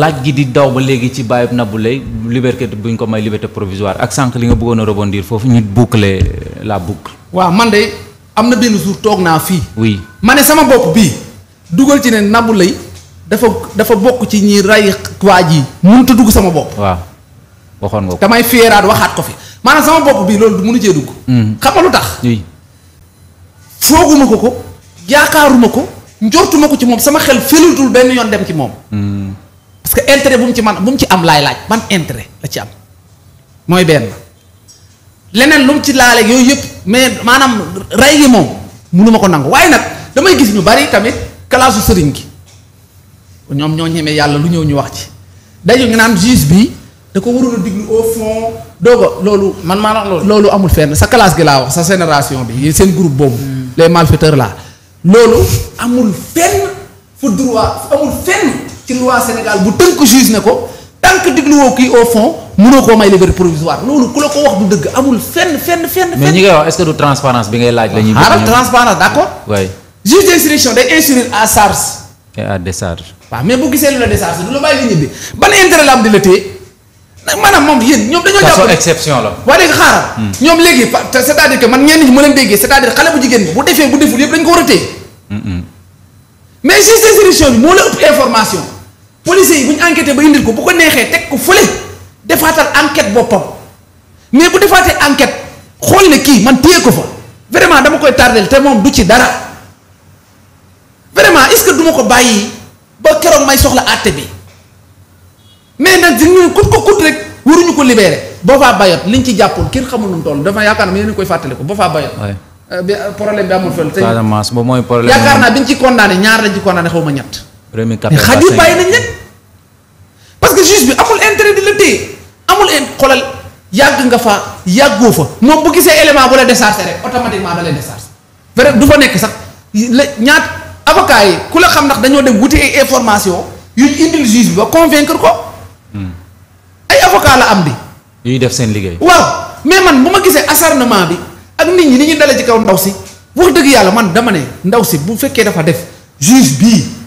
laaj gi di daw ba léegi ci bàyyib nabu Leye liberté buñ ko may liberté provisoire ak sànq li nga bëggoon a rebondir foofu ñu boucler la boucle. waa man de am na benn jour toog naa fii. oui ma ne sama bopp bii dugal ci ne nabu Leye dafa dafa bokk ci ñi rey waa ji mënut a dugg sama bopp. waaw waxoon nga ko. damay féeraat waxaat ko fi maanaam sama bopp bii loolu mënu cee dugg. Mm-hmm. xam nga lu tax. fooguma ko ko yaakaaruma ko njortuma ko ci moom sama xel félatul benn yoon dem ci moom. Mm-hmm. parce que intérêt bu mu ci man bu mu ci am laay laaj man intérêt la ci am mooy benn leneen lu ci laale yooyu yëpp mais maanaam rey gi moom mënuma ko nangu waaye nag damay gis ñu bari tamit kalaasu sëriñ gi ñoom ñoo ñemee yàlla lu ñëw ñu wax ci dañu ngi naan juge bi da ko waroon a diglu au fond dooga loolu man maanaam loolu loolu amul fenn sa classe gi laa wax sa génération bi seen groupe boobu hmm. les malfaiteurs là loolu amul fenn fu droit amul fenn ci loi Sénégal bu tënk juge ne ko tant que dégluwoo kii au fond mënoo koo may liberté provisoire loolu ku la ko wax du dëgg amul fenn fenn fenn. mais ñi ngay wax est-ce que du transparence bi ngay laaj. la ñuy xaaral ah, transparence d'accord. oui juge d'instruction day instruire à charge. et à décharge. waaw mais bu gisee lu la décharge du la bàyyi nga ñibbi ban intérêt la am di la téye nag maanaam moom yéen ñoom dañoo. jàpp exception la. waa léegi xaaral. Hmm. ñoom léegi pa c'est-à-dire que man ñenn ñi ma leen déggee c'est-à-dire xale bu jigéen bi bu defee bu deful yëpp dañ ko war a téye. Hmm, hmm. mais juge d'instruction bi moo la ëpp information. policiers yi bu ñu ba indil ko bu ko neexee teg ko fële defaatal enquête boppam mais bu defaatee enquête xool ne kii man téye ko fa vraiment dama koy tardel te moom du ci dara vraiment est-ce que duma ko bàyyi ba keroog may soxla àtte bi mais nag di ñu kut ko kut rek waruñu ko libéré Boffa Bayotte liñ ci jàppoon kenn xamul nu mu toll dafa yaakaar naa yéen a ngi koy fàttaliku Boffa Bayotte. Euh, bi euh, problème bi amul fële. Casamance boobu mooy problème Rewmi mais xaj yi bàyyi nañ leen parce que juge bi amul intérêt di la téye amul xoolal yàgg nga fa yàggoo fa moom bu gisee élément bu la déchargé rek automatiquement da lay déchargé vrai du fa nekk sax la ñaat avocat yi ku la xam ndax dañoo dem wuti ay information yu indil juge bi ba convaincre ko hmm. ay avocat la am bi yuy def seen liggéey. waaw mais man bu ma gisee acharnement bi ak nit ñi ni ñu dalee ci kaw ndaw si wax dëgg yàlla man dama ne ndaw si bu fekkee dafa def juge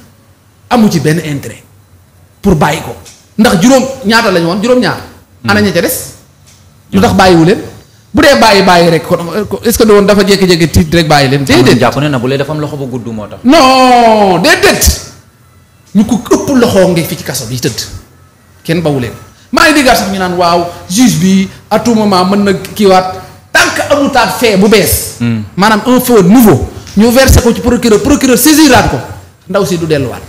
amu ci benn intérêt pour bàyyi ko ndax juróom ñaata lañu woon juróom-ñaar. Hmm. ana ña ca des. lu tax hmm. bàyyiwu leen bu dee bàyyi bàyyi rek kon est-ce que doon dafa jékki-jékki tiit rek bàyyi leen. déedéet jàpp ne na bu lee dafa am loxo bu gudd moo tax. non ñu ko ëpp loxo ngi fi ci kaso bi tëdd kenn bawu leen maa ngi déggaat ñu naan waaw juge bi à tout moment mën na kiiwaat tant que amutaat fee bu bees. Hmm. maanaam un feu nouveau ñu versé ko ci procureur procureur saisiraat ko ndaw si du delluwaat.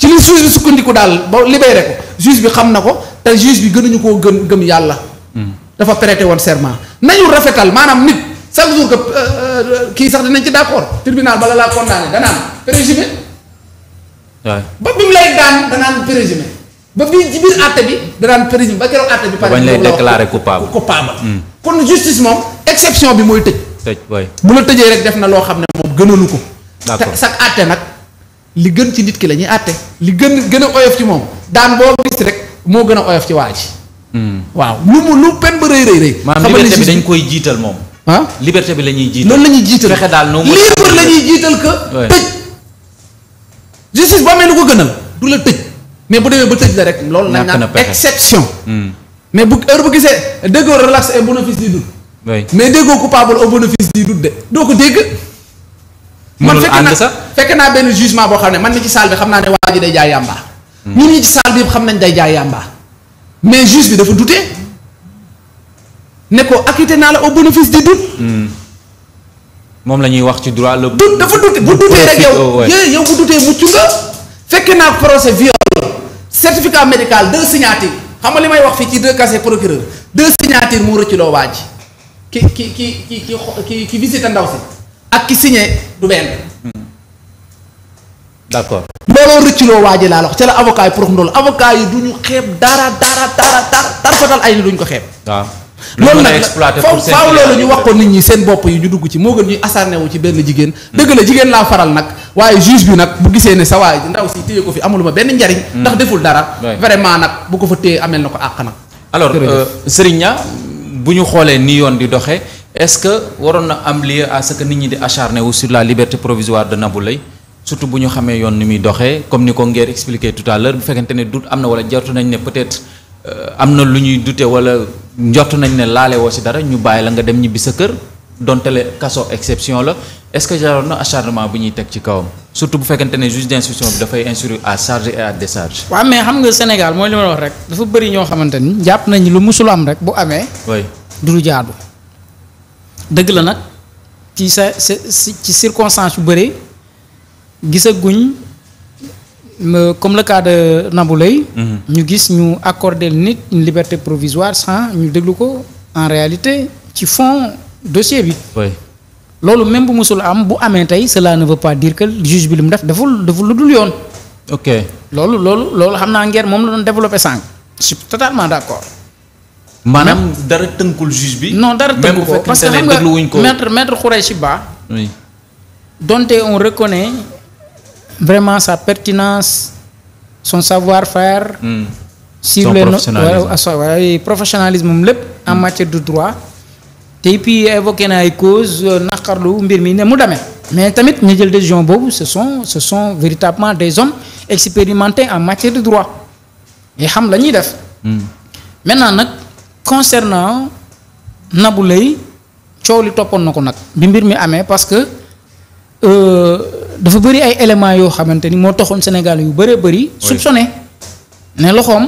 ci li juge bi sukkandiku daal ba libéré ko juge bi xam na ko te juge bi gënuñu koo gën gëm yàlla. dafa prêté woon serment nañu rafetal maanaam nit chaque jour que euh, euh, kii sax dinañ ci d'accord tribunal bala laa condamné danaan présumé. waaw ba bi mu lay danaan présumé ba bii ci biir àtte bi danaan présumé ba keroog àtte bi. pare bañ lay déclaré coupable coupable. Hmm. kon justice moom exception bi mooy tëj. tëj bu la tëjee rek def na loo xam ne moom gënalu ko. d'accord te sax àtte nag. li gën ci nit ki la ñuy àtte li gën gën oyof ci moom daan boo gis rek moo gën oyof ci waa ji. Hmm. waaw lu mu lu pen ba rëy rëy rëy. maanaam liberté bi dañ koy jiital moom. ah liberté bi la ñuy jiital loolu la ñuy jiital fexe daal noo libre la ñuy jiital que tëj. justice ba amee lu ko gënal du la tëj mais bu demee ba tëj la rek. loolu la naan exception. Hmm. mais bu heure bu gisee déggoo relax et bénéfice du doute. mais déggoo coupable au bénéfice du doute de doo ko dégg. man fekk naa fekk naa benn jugement boo xam ne man mi ci salle bi xam naa ne waa ji day jaay yàmba. Hmm. ñun ñi ci xam nañ day jaay yàmba mais juge bi dafa douté ne ko acquitté naa la au bénéfice du doute. Hmm. moom la ñuy wax ci droit le. doute dafa douté bu doutee rek yow yéen yow bu doutee mucc nga. fekk naa procès viol certificat médical deux signatures xam nga li may wax fii ci deux casiers procureur deux signatures mu rëcc loo waaj ki ki ki ki ki ki visite ndaw si. ak ki signé du benn. Hmm. d'accord looloo rëcculoo waa ji laa la wax ca la avocat yi pour ndool avocat yi du ñu xeeb dara dara dara dara ay ni duñ ko xeeb. waaw loolu nag faaw faaw loolu ñu wax ko nit ñi seen bopp yi ñu dugg ci moo gën ñuy asarne wu ci benn jigéen. dëgg la jigéen laa faral nag waaye juge bi nag bu gisee ne sa waay ndaw si téye ko fi amul ma benn njariñ. Hmm. ndax deful dara. vraiment nag bu ko fa téye amel na ko àq nag. alors euh, Serigne bu ñu xoolee nii yoon di doxee. est-ce que waroon na am lieu à ce que nit ñi di acharné wu sur la liberté provisoire de Nabou Leye surtout bu ñu xamee yoon ni muy doxee comme ni ko Nguer expliqué tout à l'heure bu fekkente ne doute am na wala jortu nañ ne peut-être euh, am na lu ñuy dute wala njortu nañ ne laale woo si dara ñu bàyyi la nga dem ñibbi sa kër dontele kaso exception la est-ce que jaroon na acharnement bu ñuy teg ci kawam surtout bu fekkente ne juge d'instruction bi dafay instruire à charge et à décharge. xam nga Sénégal mooy li rek dafa bëri ñoo xamante ni jàpp nañ lu musul am rek bu amee. oui du jaadu. dëgg la nag ci sa ci circonstance yu bëri gisaguñ comme la cas de Nabou mhm. ñu gis ñu accorder nit une liberté provisoire sans ñu déglu ko en réalité ci fond dossier bi. loolu même bu musul am bu amee tey cela ne veut pas dire que juge bi li mu def deful deful lu dul yoon. ok loolu loolu loolu xam naa ngeen moom la doon développé sànq. je totalement d' accord. maanaam dara tënkul juge bi. non dara tënku ko parce que xam nga maître maître Khoureychi Ba. donte on reconnaît vraiment sa pertinence son savoir-faire. Mm. sur le waaye professionnalisme moom lépp en hmm. matière de droit. te puis évoqué na ay cause euh, naqarlu mbir mi ne mu demee. mais tamit ñu jël décision boobu ce sont ce son véritablement des hommes expérimentés en matière de droit. yi xam lañuy ñuy def. Hmm. maintenant nag. concernant nabu Leye coow li toppoon na ko nag bi mbir mi amee parce que euh, dafa bëri ay éléments yoo xamante ni moo taxoon Sénégal yu bëree bëri. soupçonné ne loxoom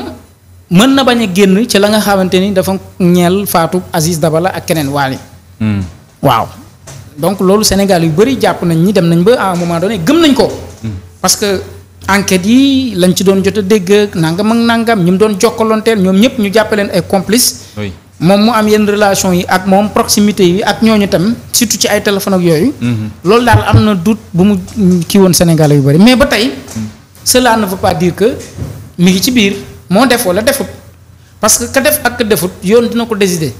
mën na bañ a génn ci la nga xamante ni dafa ñeel faatu Aziz Dabala ak keneen waali hmm. waaw donc loolu Sénégal yu bëri jàpp nañ ñi dem nañ ba à un moment donné gëm nañ ko. Hmm. parce que yi lañ ci doon jot a dégg nangam ak nangam ñi mu doon jokkalanteel ñoom ñëpp ñu jàppaleen ay complices. moom mu am yenn relation yi ak moom proximité yi ak ñooñu tam surtout ci ay téléphone ak yooyu. Mhm. loolu daal am na doute bu mu kii woon Sénégalais yu bëri mais ba tey. cela ne veut pas dire que mi ngi ci biir moo def wala defut parce que ka def ak ka defut yoon dina ko décider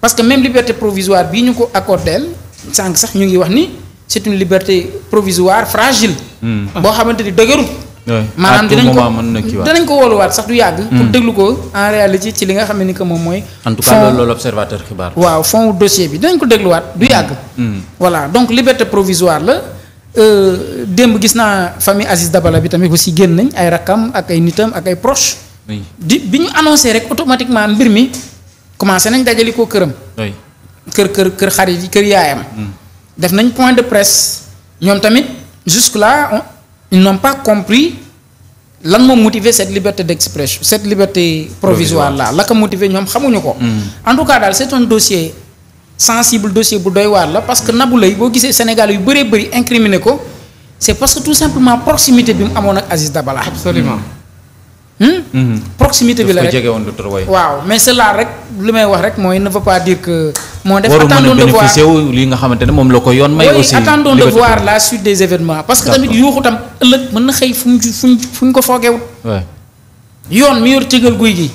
parce que même liberté provisoire bi ñu ko accordeel sànq sax ñu ngi wax ni c'est une liberté provisoire fragile. Mhm. boo xamante ni dëgërut maanaam dinañ ko dinañ ko sax du yàgg. pour hmm. déglu ko en réalité ci li nga xam ne ni que moom mooy. en tout cas loolu dossier bi dinañ ko dégluwaat du yàgg. Hmm. Hmm. voilà donc liberté provisoire la euh, démb gis naa famille Aziz Dabala bi tamit aussi génn nañ ay rakkam ak ay nitam ak ay proches. di bi ñu annoncé rek automatiquement mbir mi commencé nañ dajali ko këram. kër kër kër xarit yi kër yaayam. def nañ point de presse ñoom tamit jusque là ils n'ont pas compris lan moom motiver cette liberté d'expression cette liberté provisoire là la ko motiver ñoom xamuñu ko. Hmm. en tout cas daal c'est un dossier sensible dossier bu doy waar la parce que nabu Leye boo gisee Sénégal yu bëree bëri incriminé ko c'est parce que tout simplement proximité bi mu amoon ak Aziz Dabala. absolument. Hmm? Mhm. proximité bi la rek waaw mais cela rek lu may wax rek mooy ne veut pas dire que. moo def attendons de voir waru li nga xamante ne moom la ko yoon. may aussi la suite des événements. parce que tamit yuuxu tam ëllëg mën na xëy fu mu fu ñu ko foogewut yoon mi yor cëgal guy gi.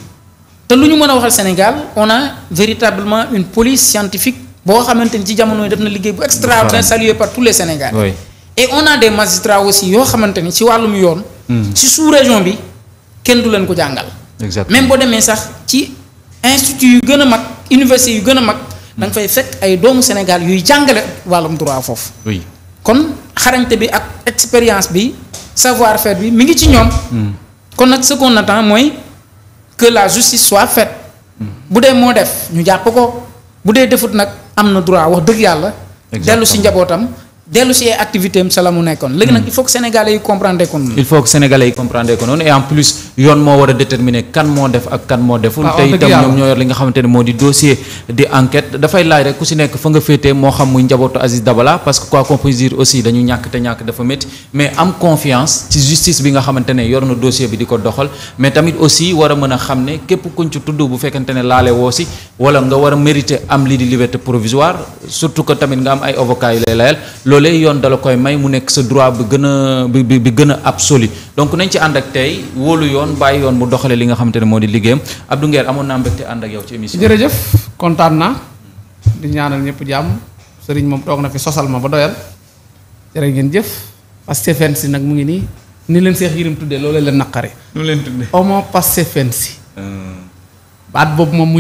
te lu ñu mën a waxal Sénégal on a véritablement une police scientifique boo xamante ni ci jamono yi def na liggéey bu extraordinaire salué par tous les Sénégalais. et on a des magistrats aussi yoo xamante ni ci wàllum yoon. Hmm. ci sous région bi. kenn du leen ko jàngal. exactement même boo demee sax ci institut yu gën a mag université yu gën a mag. da nga fay fekk ay doomu Sénégal yuy jàngale wàllum droit foofu. kon xarañte bi ak expérience bi savoir faire bi mi ngi ci ñoom. Hmm. kon nag ce qu'on attend mooy que la justice soit faite. Hmm. bu dee moo def ñu jàpp ko bu dee defut nag am na droit wax dëgg yàlla. dellu si njabootam. dellu si activité am sa mu nekkoon. léegi nag hmm. il faut que sénégalais yi comprendre ko noonu. il faut que sénégalais yi comprendre ko noonu et en plus yoon moo war a kan moo def ak kan moo deful. tey itam ñoom ñoo yor li nga xamante ne moo di dossier di enquête dafay laaj rek ku si nekk fa nga féetee moo xam muy njabootu Aziz Dabala parce que quoi qu'on puisse dire aussi dañu ñàkk te ñàkk dafa métti mais am confiance ci justice bi nga xamante ne yor na dossier bi di ko doxal mais tamit aussi war a mën a xam ne képp kuñ ci tudd bu ne laale woo si wala nga war a mérité am lii di liberté provisoire surtout que tamit nga am ay avocats yu lay layal loolee yoon dala koy may mu nekk sa droit bi gën bi bi absolu donc nañ ci ànd ak tey wóolu yoon bàyyi yoon mu doxalee li nga te ne moo di liggéeyam Abdou Nguer amoon naa mbégte ànd ak yow ci émission jërëjëf kontaan naa di ñaanal ñëpp jàmm sëriñ moom toog na fi sosal ma ba doyal jërë ngeen jëf Pastef si nag mu ngi nii ni leen Seex Yirim tuddee loolee leen naqari. nu leen si.